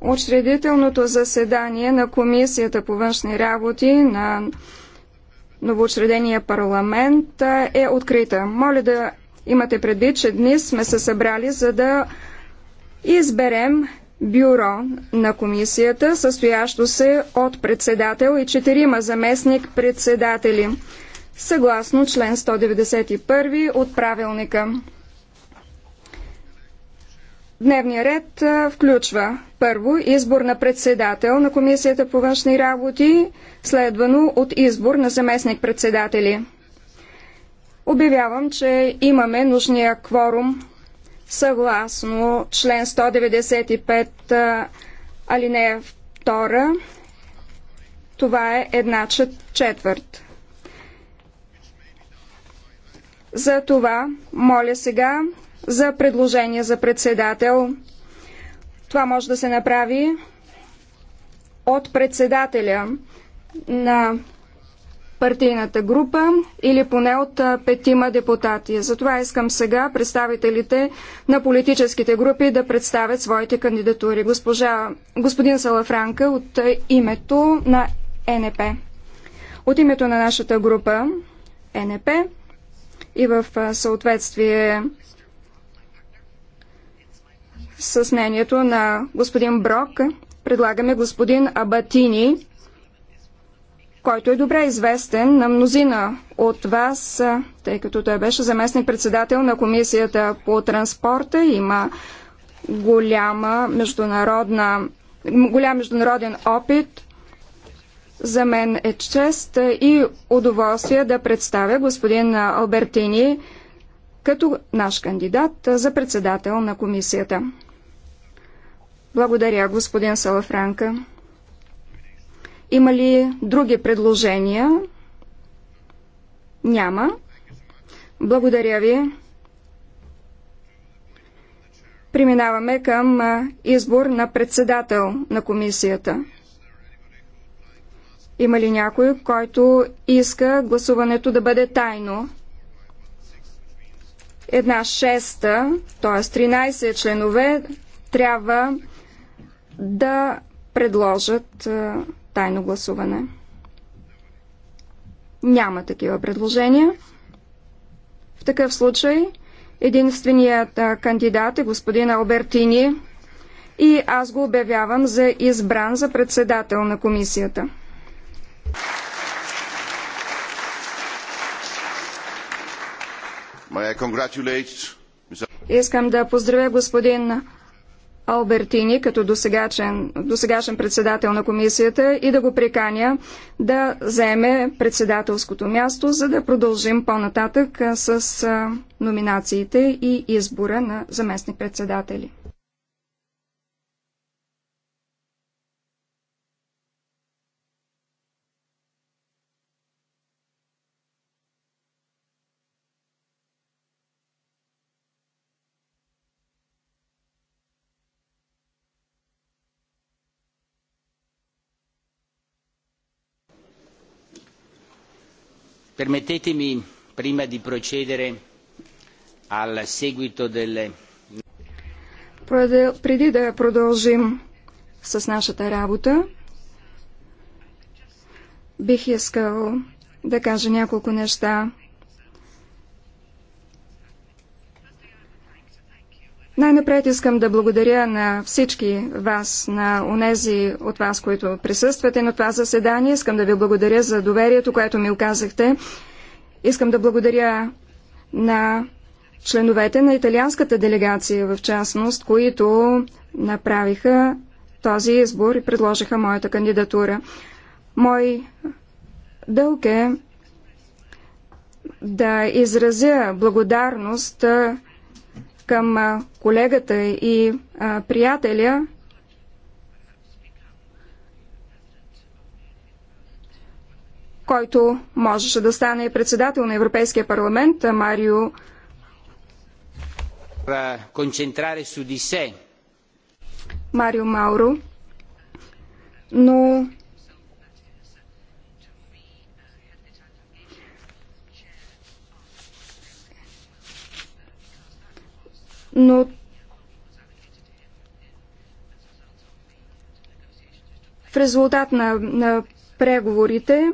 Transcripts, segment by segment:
Учредителното заседание на Комисията по външни работи на новоучредения парламент е открита. Моля да имате предвид, че днес сме се събрали за да изберем бюро на комисията, състоящо се от председател и четирима заместник председатели, съгласно член 191 от правилника. Дневният ред включва първо избор на председател на Комисията по външни работи, следвано от избор на заместник-председатели. Обявявам, че имаме нужния кворум съгласно член 195 алинея 2. Това е една четвърт. За това моля сега за предложение за председател. Това може да се направи от председателя на партийната група или поне от петима депутати. Затова искам сега представителите на политическите групи да представят своите кандидатури. Госпожа, господин Салафранка от името на НП. От името на нашата група НП и в съответствие с мнението на господин Брок. Предлагаме господин Абатини, който е добре известен на мнозина от вас, тъй като той беше заместник-председател на Комисията по транспорта. Има голяма международна, голям международен опит. За мен е чест и удоволствие да представя господин Албертини като наш кандидат за председател на комисията. Благодаря, господин Салафранка. Има ли други предложения? Няма. Благодаря ви. Преминаваме към избор на председател на комисията. Има ли някой, който иска гласуването да бъде тайно? Една шеста, т.е. 13 членове, трябва да предложат тайно гласуване. Няма такива предложения. В такъв случай единственият кандидат е господин Албертини и аз го обявявам за избран за председател на комисията. Искам да поздравя господин Албертини като досегашен, досегашен председател на комисията и да го приканя да заеме председателското място, за да продължим по-нататък с номинациите и избора на заместник-председатели. Permettetemi, prima di procedere al seguito delle... Преди да продължим с нашата работа, бих искал да кажа няколко неща Най-напред искам да благодаря на всички вас, на онези от вас, които присъствате на това заседание. Искам да ви благодаря за доверието, което ми оказахте. Искам да благодаря на членовете на италианската делегация, в частност, които направиха този избор и предложиха моята кандидатура. Мой дълг е да изразя благодарност към колегата и приятеля, който можеше да стане председател на Европейския парламент, Марио Марио Мауро, но но в резултат на, на преговорите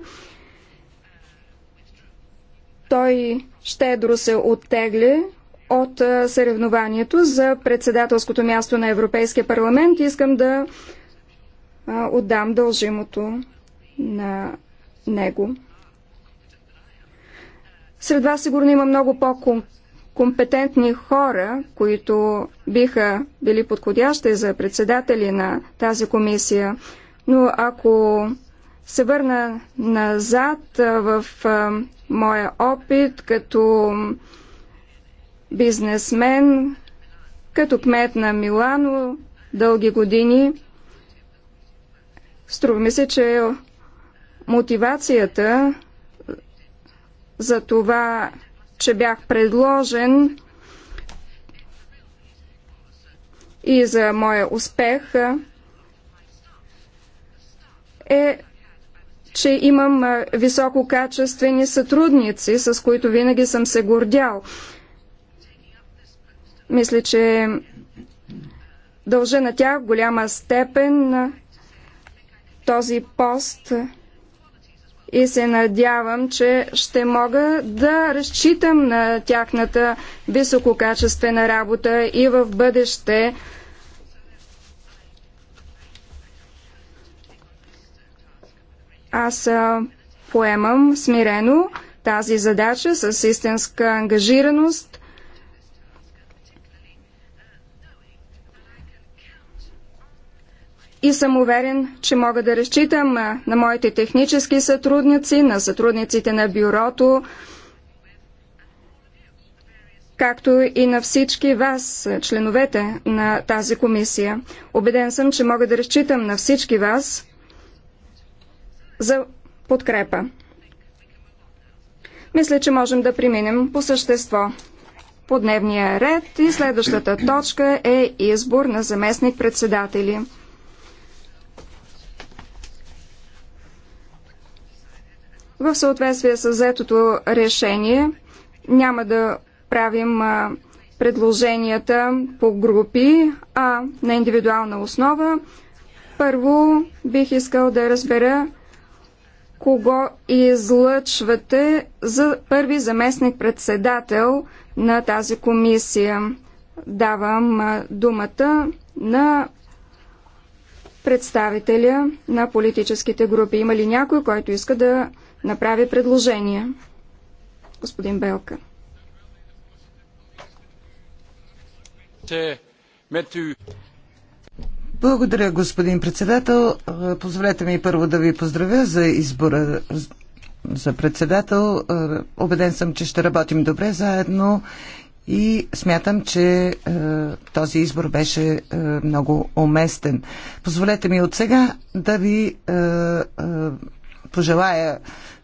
той щедро се оттегли от съревнованието за председателското място на Европейския парламент. Искам да отдам дължимото на него. Сред вас сигурно има много по-компетентни компетентни хора, които биха били подходящи за председатели на тази комисия. Но ако се върна назад в моя опит като бизнесмен, като кмет на Милано дълги години, струва ми се, че мотивацията за това че бях предложен и за моя успех е, че имам висококачествени сътрудници, с които винаги съм се гордял. Мисля, че дължа на тях в голяма степен този пост – и се надявам, че ще мога да разчитам на тяхната висококачествена работа и в бъдеще. Аз поемам смирено тази задача с истинска ангажираност и съм уверен, че мога да разчитам на моите технически сътрудници, на сътрудниците на бюрото, както и на всички вас, членовете на тази комисия. Обеден съм, че мога да разчитам на всички вас за подкрепа. Мисля, че можем да преминем по същество по дневния ред и следващата точка е избор на заместник-председатели. в съответствие с взетото решение. Няма да правим предложенията по групи, а на индивидуална основа. Първо бих искал да разбера кого излъчвате за първи заместник-председател на тази комисия. Давам думата на представителя на политическите групи. Има ли някой, който иска да направи предложения. Господин Белка. Благодаря, господин председател. Позволете ми първо да ви поздравя за избора за председател. Обеден съм, че ще работим добре заедно и смятам, че е, този избор беше е, много уместен. Позволете ми от сега да ви е, пожелая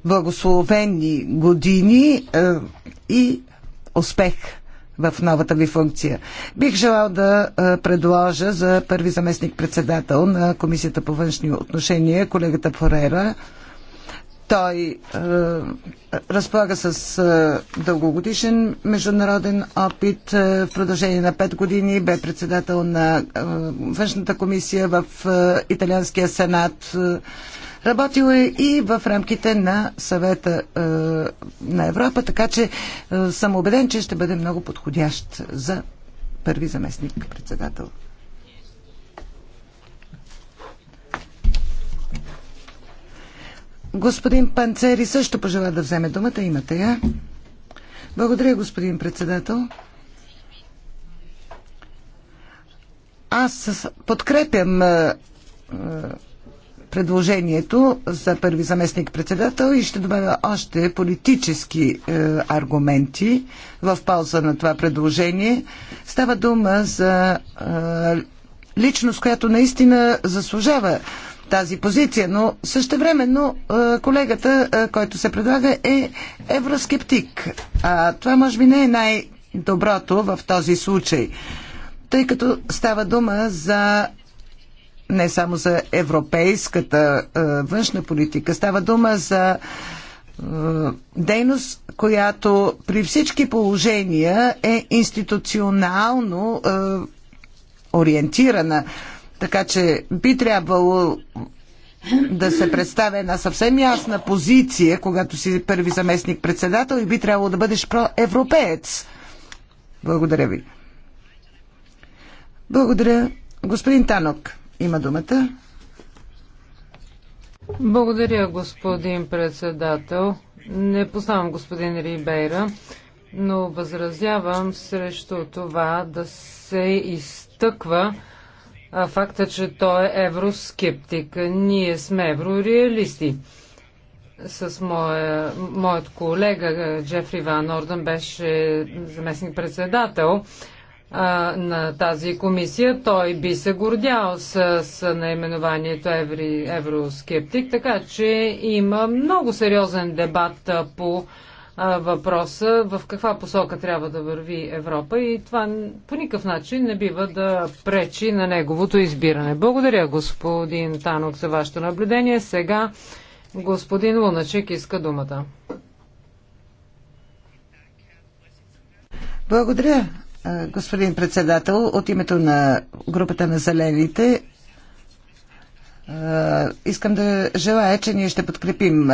благословени години е, и успех в новата ви функция. Бих желал да е, предложа за първи заместник председател на Комисията по външни отношения колегата Форера. Той е, разполага с е, дългогодишен международен опит. Е, в продължение на 5 години бе председател на е, външната комисия в е, Италианския сенат. Е, Работил е и в рамките на съвета е, на Европа, така че е, съм убеден, че ще бъде много подходящ за първи заместник председател. Господин Панцери също пожела да вземе думата. Имате я. Благодаря, господин председател. Аз подкрепям е, е, предложението за първи заместник председател и ще добавя още политически е, аргументи в полза на това предложение. Става дума за е, личност, която наистина заслужава тази позиция, но същевременно е, колегата, е, който се предлага, е евроскептик. А това може би не е най-доброто в този случай тъй като става дума за не само за европейската е, външна политика. Става дума за е, дейност, която при всички положения е институционално е, ориентирана. Така че би трябвало да се представя една съвсем ясна позиция, когато си първи заместник председател и би трябвало да бъдеш проевропеец. Благодаря ви. Благодаря, господин Танок има думата. Благодаря, господин председател. Не познавам господин Рибейра, но възразявам срещу това да се изтъква факта, че той е евроскептик. Ние сме еврореалисти. С моя, моят колега Джефри Ван Орден беше заместник председател а, на тази комисия. Той би се гордял с, с наименованието еври, евроскептик, така че има много сериозен дебат по а, въпроса в каква посока трябва да върви Европа и това по никакъв начин не бива да пречи на неговото избиране. Благодаря господин Танок за вашето наблюдение. Сега господин Луначек иска думата. Благодаря, господин председател. От името на групата на зелените искам да желая, че ние ще подкрепим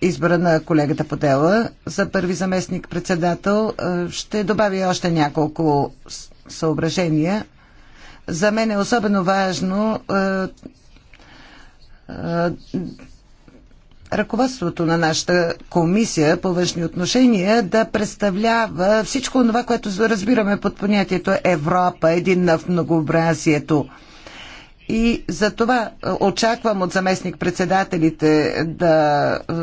избора на колегата Подела за първи заместник председател. Ще добавя още няколко съображения. За мен е особено важно ръководството на нашата комисия по външни отношения да представлява всичко това, което разбираме под понятието Европа, един на многообразието. И за това е, очаквам от заместник-председателите да е,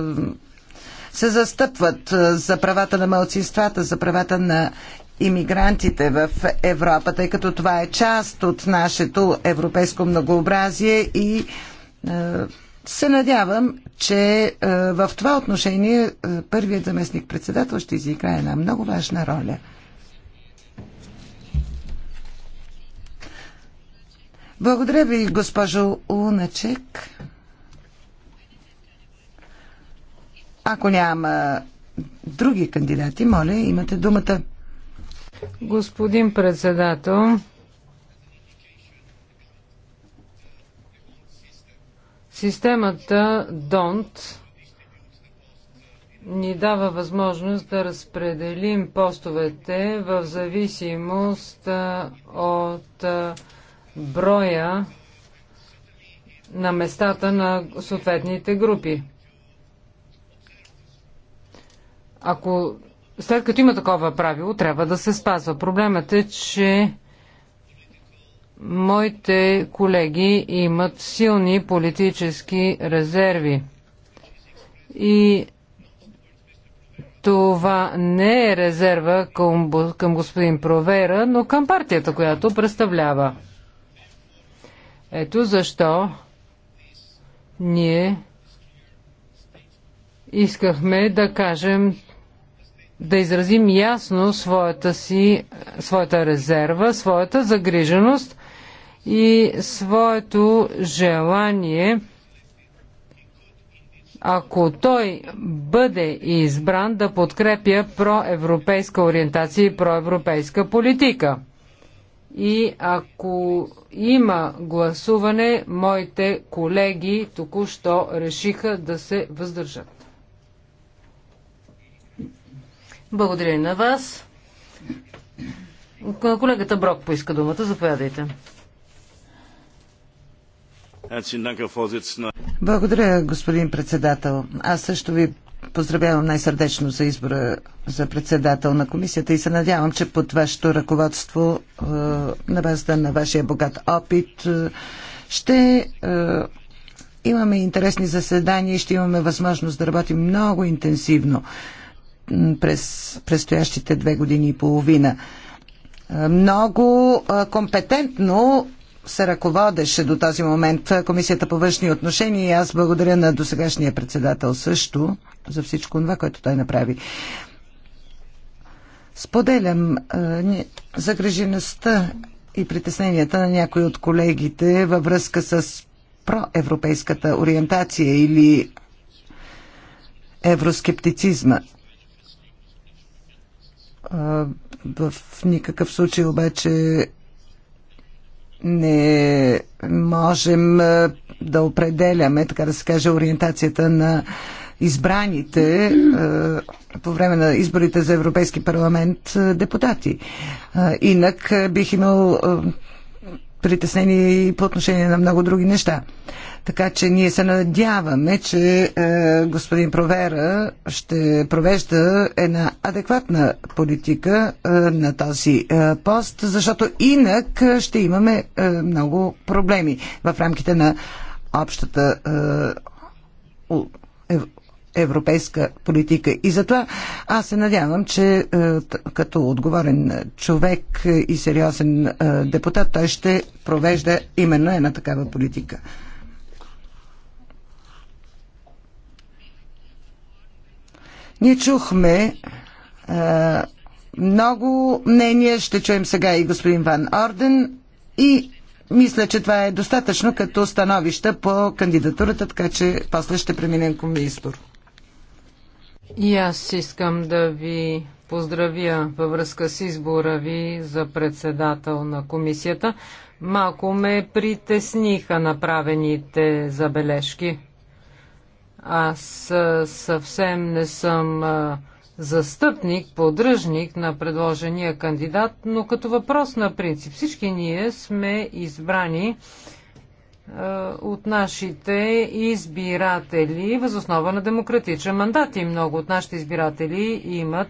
се застъпват е, за правата на малцинствата, за правата на иммигрантите в Европа, тъй като това е част от нашето европейско многообразие и се надявам, че е, в това отношение е, първият заместник председател ще изиграе една много важна роля. Благодаря ви, госпожо Луначек. Ако няма други кандидати, моля, имате думата. Господин председател, Системата ДОНТ ни дава възможност да разпределим постовете в зависимост от броя на местата на съответните групи. Ако след като има такова правило, трябва да се спазва. Проблемът е, че Моите колеги имат силни политически резерви. И това не е резерва към, към господин Провера, но към партията, която представлява. Ето защо ние искахме да кажем, да изразим ясно своята си, своята резерва, своята загриженост и своето желание, ако той бъде избран да подкрепя проевропейска ориентация и проевропейска политика. И ако има гласуване, моите колеги току-що решиха да се въздържат. Благодаря на вас. Колегата Брок поиска думата. Заповядайте. Благодаря, господин председател. Аз също ви поздравявам най-сърдечно за избора за председател на комисията и се надявам, че под вашето ръководство, е, на базата на вашия богат опит, е, ще е, имаме интересни заседания и ще имаме възможност да работим много интенсивно през предстоящите две години и половина. Много компетентно се ръководеше до този момент Комисията по външни отношения и аз благодаря на досегашния председател също за всичко това, което той направи. Споделям е, загрежеността и притесненията на някои от колегите във връзка с проевропейската ориентация или евроскептицизма. В никакъв случай обаче не можем да определяме, така да се каже, ориентацията на избраните по време на изборите за Европейски парламент депутати. Инак бих имал притеснени и по отношение на много други неща. Така че ние се надяваме, че е, господин Провера ще провежда една адекватна политика е, на този е, пост, защото инак ще имаме е, много проблеми в рамките на общата е, европейска политика. И затова аз се надявам, че е, като отговорен човек и сериозен е, депутат, той ще провежда именно една такава политика. Ние чухме а, е, много мнения. Ще чуем сега и господин Ван Орден. И мисля, че това е достатъчно като становища по кандидатурата, така че после ще преминем към избор. И аз искам да ви поздравя във връзка с избора ви за председател на комисията. Малко ме притесниха направените забележки. Аз съвсем не съм застъпник, поддръжник на предложения кандидат, но като въпрос на принцип. Всички ние сме избрани е, от нашите избиратели възоснова на демократичен мандат и много от нашите избиратели имат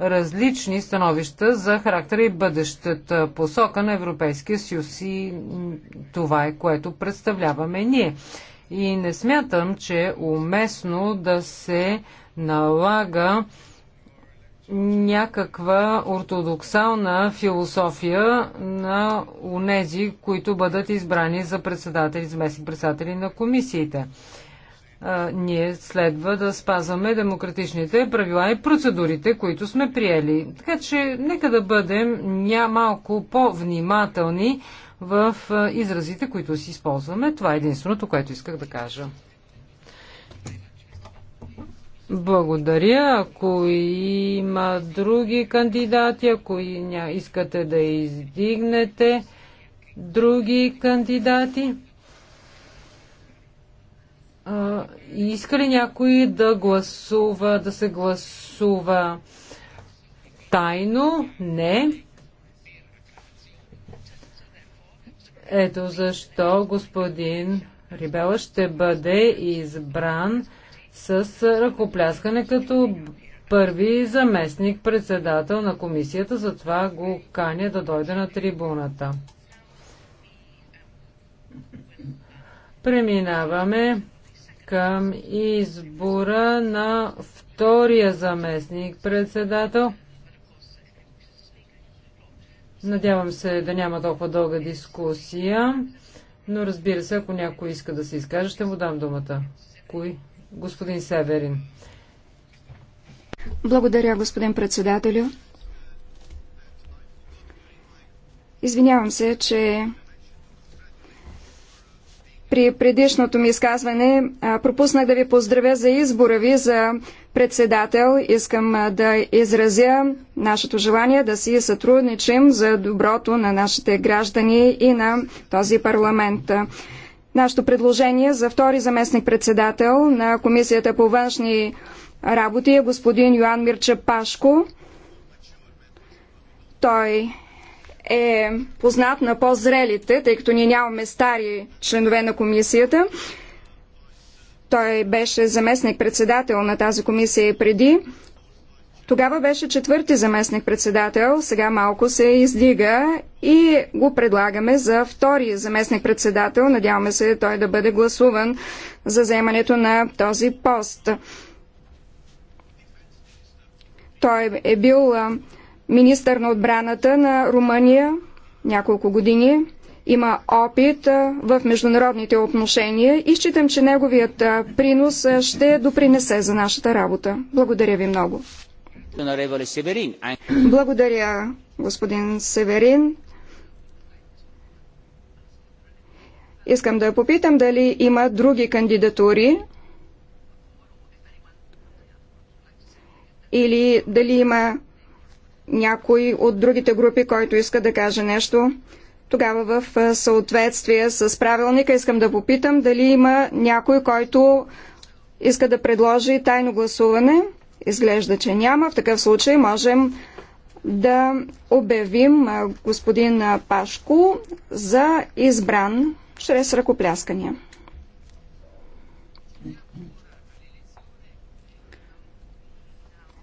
различни становища за характера и бъдещата посока на Европейския съюз и това е което представляваме ние. И не смятам, че е уместно да се налага някаква ортодоксална философия на унези, които бъдат избрани за председатели, заместни председатели на комисиите. А, ние следва да спазваме демократичните правила и процедурите, които сме приели. Така че нека да бъдем ня малко по-внимателни в изразите, които си използваме. Това е единственото, което исках да кажа. Благодаря. Ако има други кандидати, ако искате да издигнете други кандидати, а, иска ли някой да гласува, да се гласува тайно? Не. Ето защо господин Рибела ще бъде избран с ръкопляскане като първи заместник председател на комисията, затова го каня да дойде на трибуната. Преминаваме към избора на втория заместник председател. Надявам се да няма толкова дълга дискусия, но разбира се, ако някой иска да се изкаже, ще му дам думата. Кой? господин Северин. Благодаря, господин председателю. Извинявам се, че при предишното ми изказване пропуснах да ви поздравя за избора ви за председател. Искам да изразя нашето желание да си сътрудничим за доброто на нашите граждани и на този парламент нашето предложение за втори заместник-председател на Комисията по външни работи е господин Йоан Мирча Пашко. Той е познат на по-зрелите, тъй като ние нямаме стари членове на комисията. Той беше заместник-председател на тази комисия и преди. Тогава беше четвърти заместник председател, сега малко се издига и го предлагаме за втори заместник председател. Надяваме се той да бъде гласуван за заемането на този пост. Той е бил министър на отбраната на Румъния няколко години. Има опит в международните отношения и считам, че неговият принос ще допринесе за нашата работа. Благодаря ви много. Благодаря, господин Северин. Искам да попитам дали има други кандидатури или дали има някой от другите групи, който иска да каже нещо. Тогава в съответствие с правилника искам да попитам дали има някой, който иска да предложи тайно гласуване. Изглежда, че няма. В такъв случай можем да обявим господин Пашко за избран чрез ръкопляскания.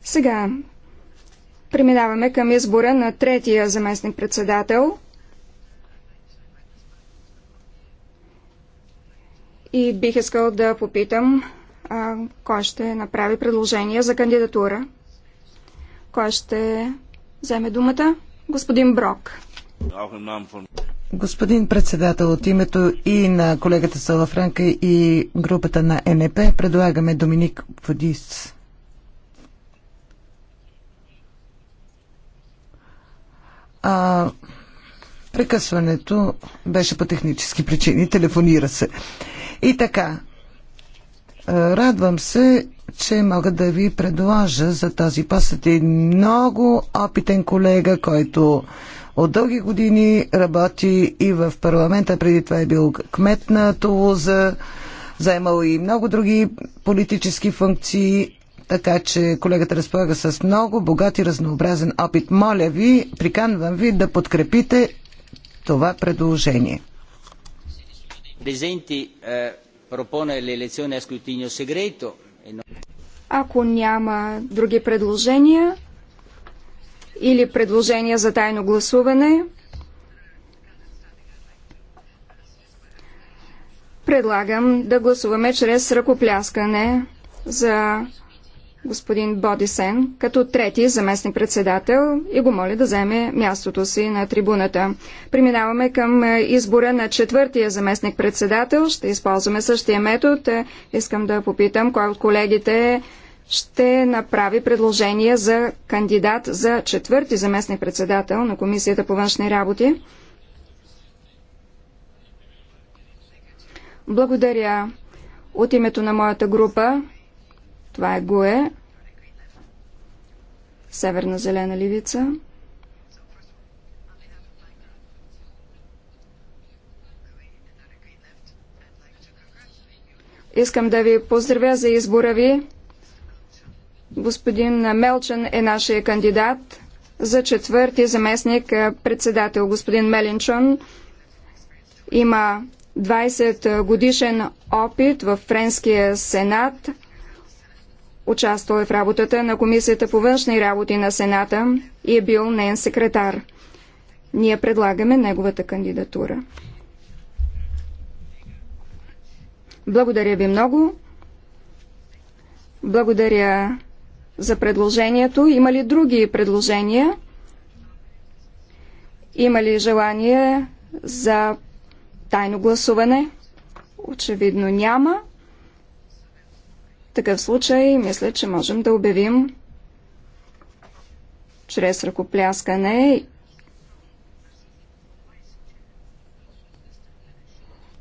Сега преминаваме към избора на третия заместник председател. И бих искал да попитам кой ще направи предложение за кандидатура. Кой ще вземе думата? Господин Брок. Господин председател, от името и на колегата Салафранка и групата на НП предлагаме Доминик Водис. А, прекъсването беше по технически причини, телефонира се. И така, Радвам се, че мога да ви предложа за този пасът един много опитен колега, който от дълги години работи и в парламента. Преди това е бил кмет на Тулуза, заемал и много други политически функции. Така че колегата разполага с много богат и разнообразен опит. Моля ви, приканвам ви да подкрепите това предложение. Презенти, е, E Ако няма други предложения или предложения за тайно гласуване, предлагам да гласуваме чрез ръкопляскане за господин Бодисен като трети заместник председател и го моля да вземе мястото си на трибуната. Преминаваме към е, избора на четвъртия заместник председател. Ще използваме същия метод. Е, искам да попитам кой от колегите ще направи предложение за кандидат за четвърти заместник председател на Комисията по външни работи. Благодаря от името на моята група. Това е ГУЕ. Северна зелена ливица. Искам да ви поздравя за избора ви. Господин Мелчен е нашия кандидат за четвърти заместник е, председател. Господин Мелинчон има 20 годишен опит в Френския сенат. Участвал е в работата на Комисията по външни работи на Сената и е бил нейн секретар. Ние предлагаме неговата кандидатура. Благодаря ви много. Благодаря за предложението. Има ли други предложения? Има ли желание за тайно гласуване? Очевидно няма такъв случай мисля, че можем да обявим чрез ръкопляскане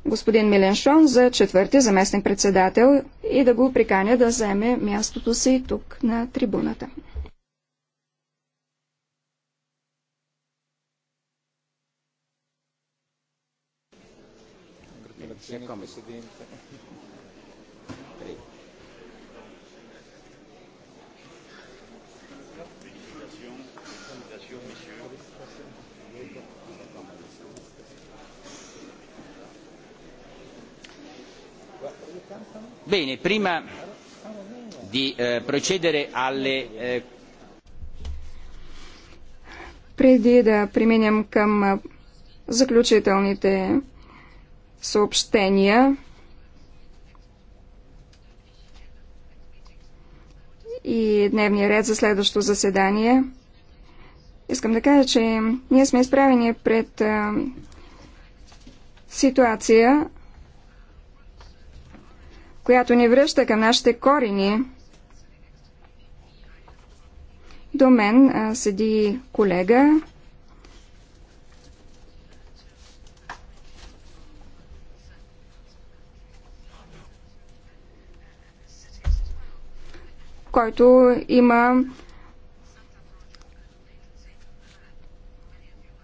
господин Миленшон за четвърти заместник председател и да го приканя да вземе мястото си тук на трибуната. Grazie, Presidente. Bene, prima di eh, procedere alle... Eh, Преди да преминем към заключителните съобщения и дневния ред за следващото заседание, искам да кажа, че ние сме изправени пред ситуация, която ни връща към нашите корени. До мен а, седи колега. който има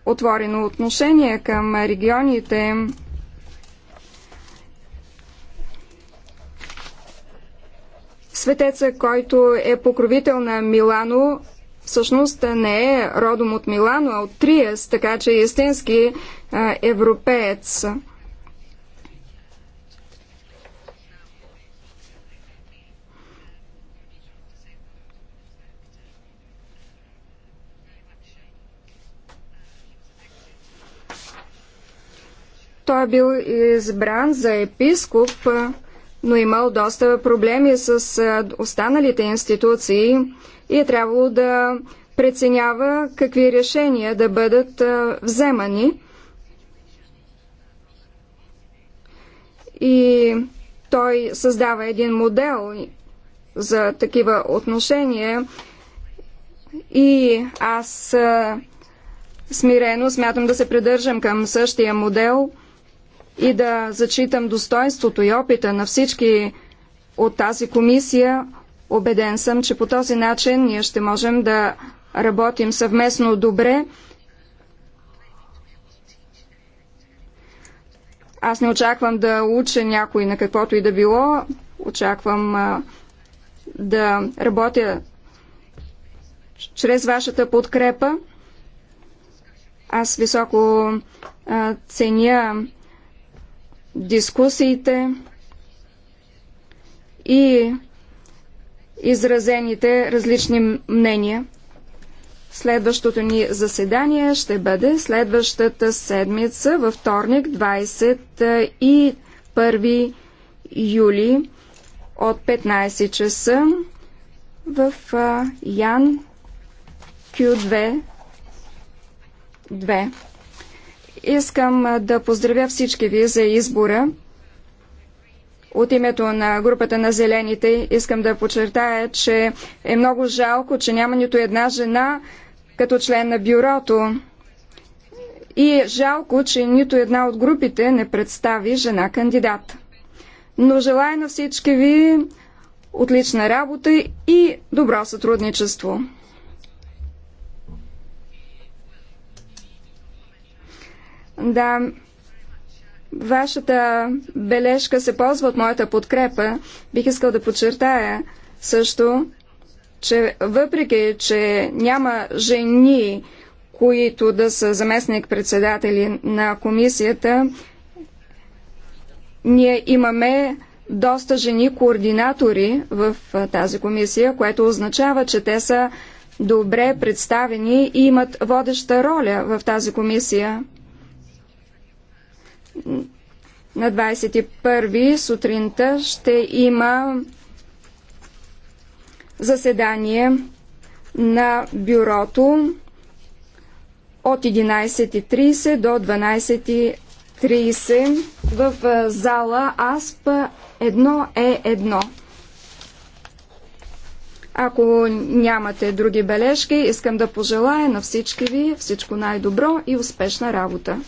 отворено отношение към регионите, Светеца, който е покровител на Милано, всъщност не е родом от Милано, а от Триес, така че е истински европеец. Той е бил избран за епископ но имал доста проблеми с останалите институции и е трябвало да преценява какви решения да бъдат вземани. И той създава един модел за такива отношения и аз смирено смятам да се придържам към същия модел – и да зачитам достоинството и опита на всички от тази комисия, убеден съм, че по този начин ние ще можем да работим съвместно добре. Аз не очаквам да уча някой на каквото и да било. Очаквам а, да работя чрез вашата подкрепа. Аз високо а, ценя дискусиите и изразените различни мнения. Следващото ни заседание ще бъде следващата седмица, във вторник, 21 юли от 15 часа в Ян Q2 2. Искам да поздравя всички ви за избора. От името на групата на зелените искам да подчертая, че е много жалко, че няма нито една жена като член на бюрото. И е жалко, че нито една от групите не представи жена кандидат. Но желая на всички ви отлична работа и добро сътрудничество. Да, вашата бележка се ползва от моята подкрепа. Бих искал да подчертая също, че въпреки, че няма жени, които да са заместник-председатели на комисията, ние имаме доста жени координатори в тази комисия, което означава, че те са добре представени и имат водеща роля в тази комисия на 21 сутринта ще има заседание на бюрото от 11.30 до 12.30 в зала АСП 1Е1. Е Ако нямате други бележки, искам да пожелая на всички ви всичко най-добро и успешна работа!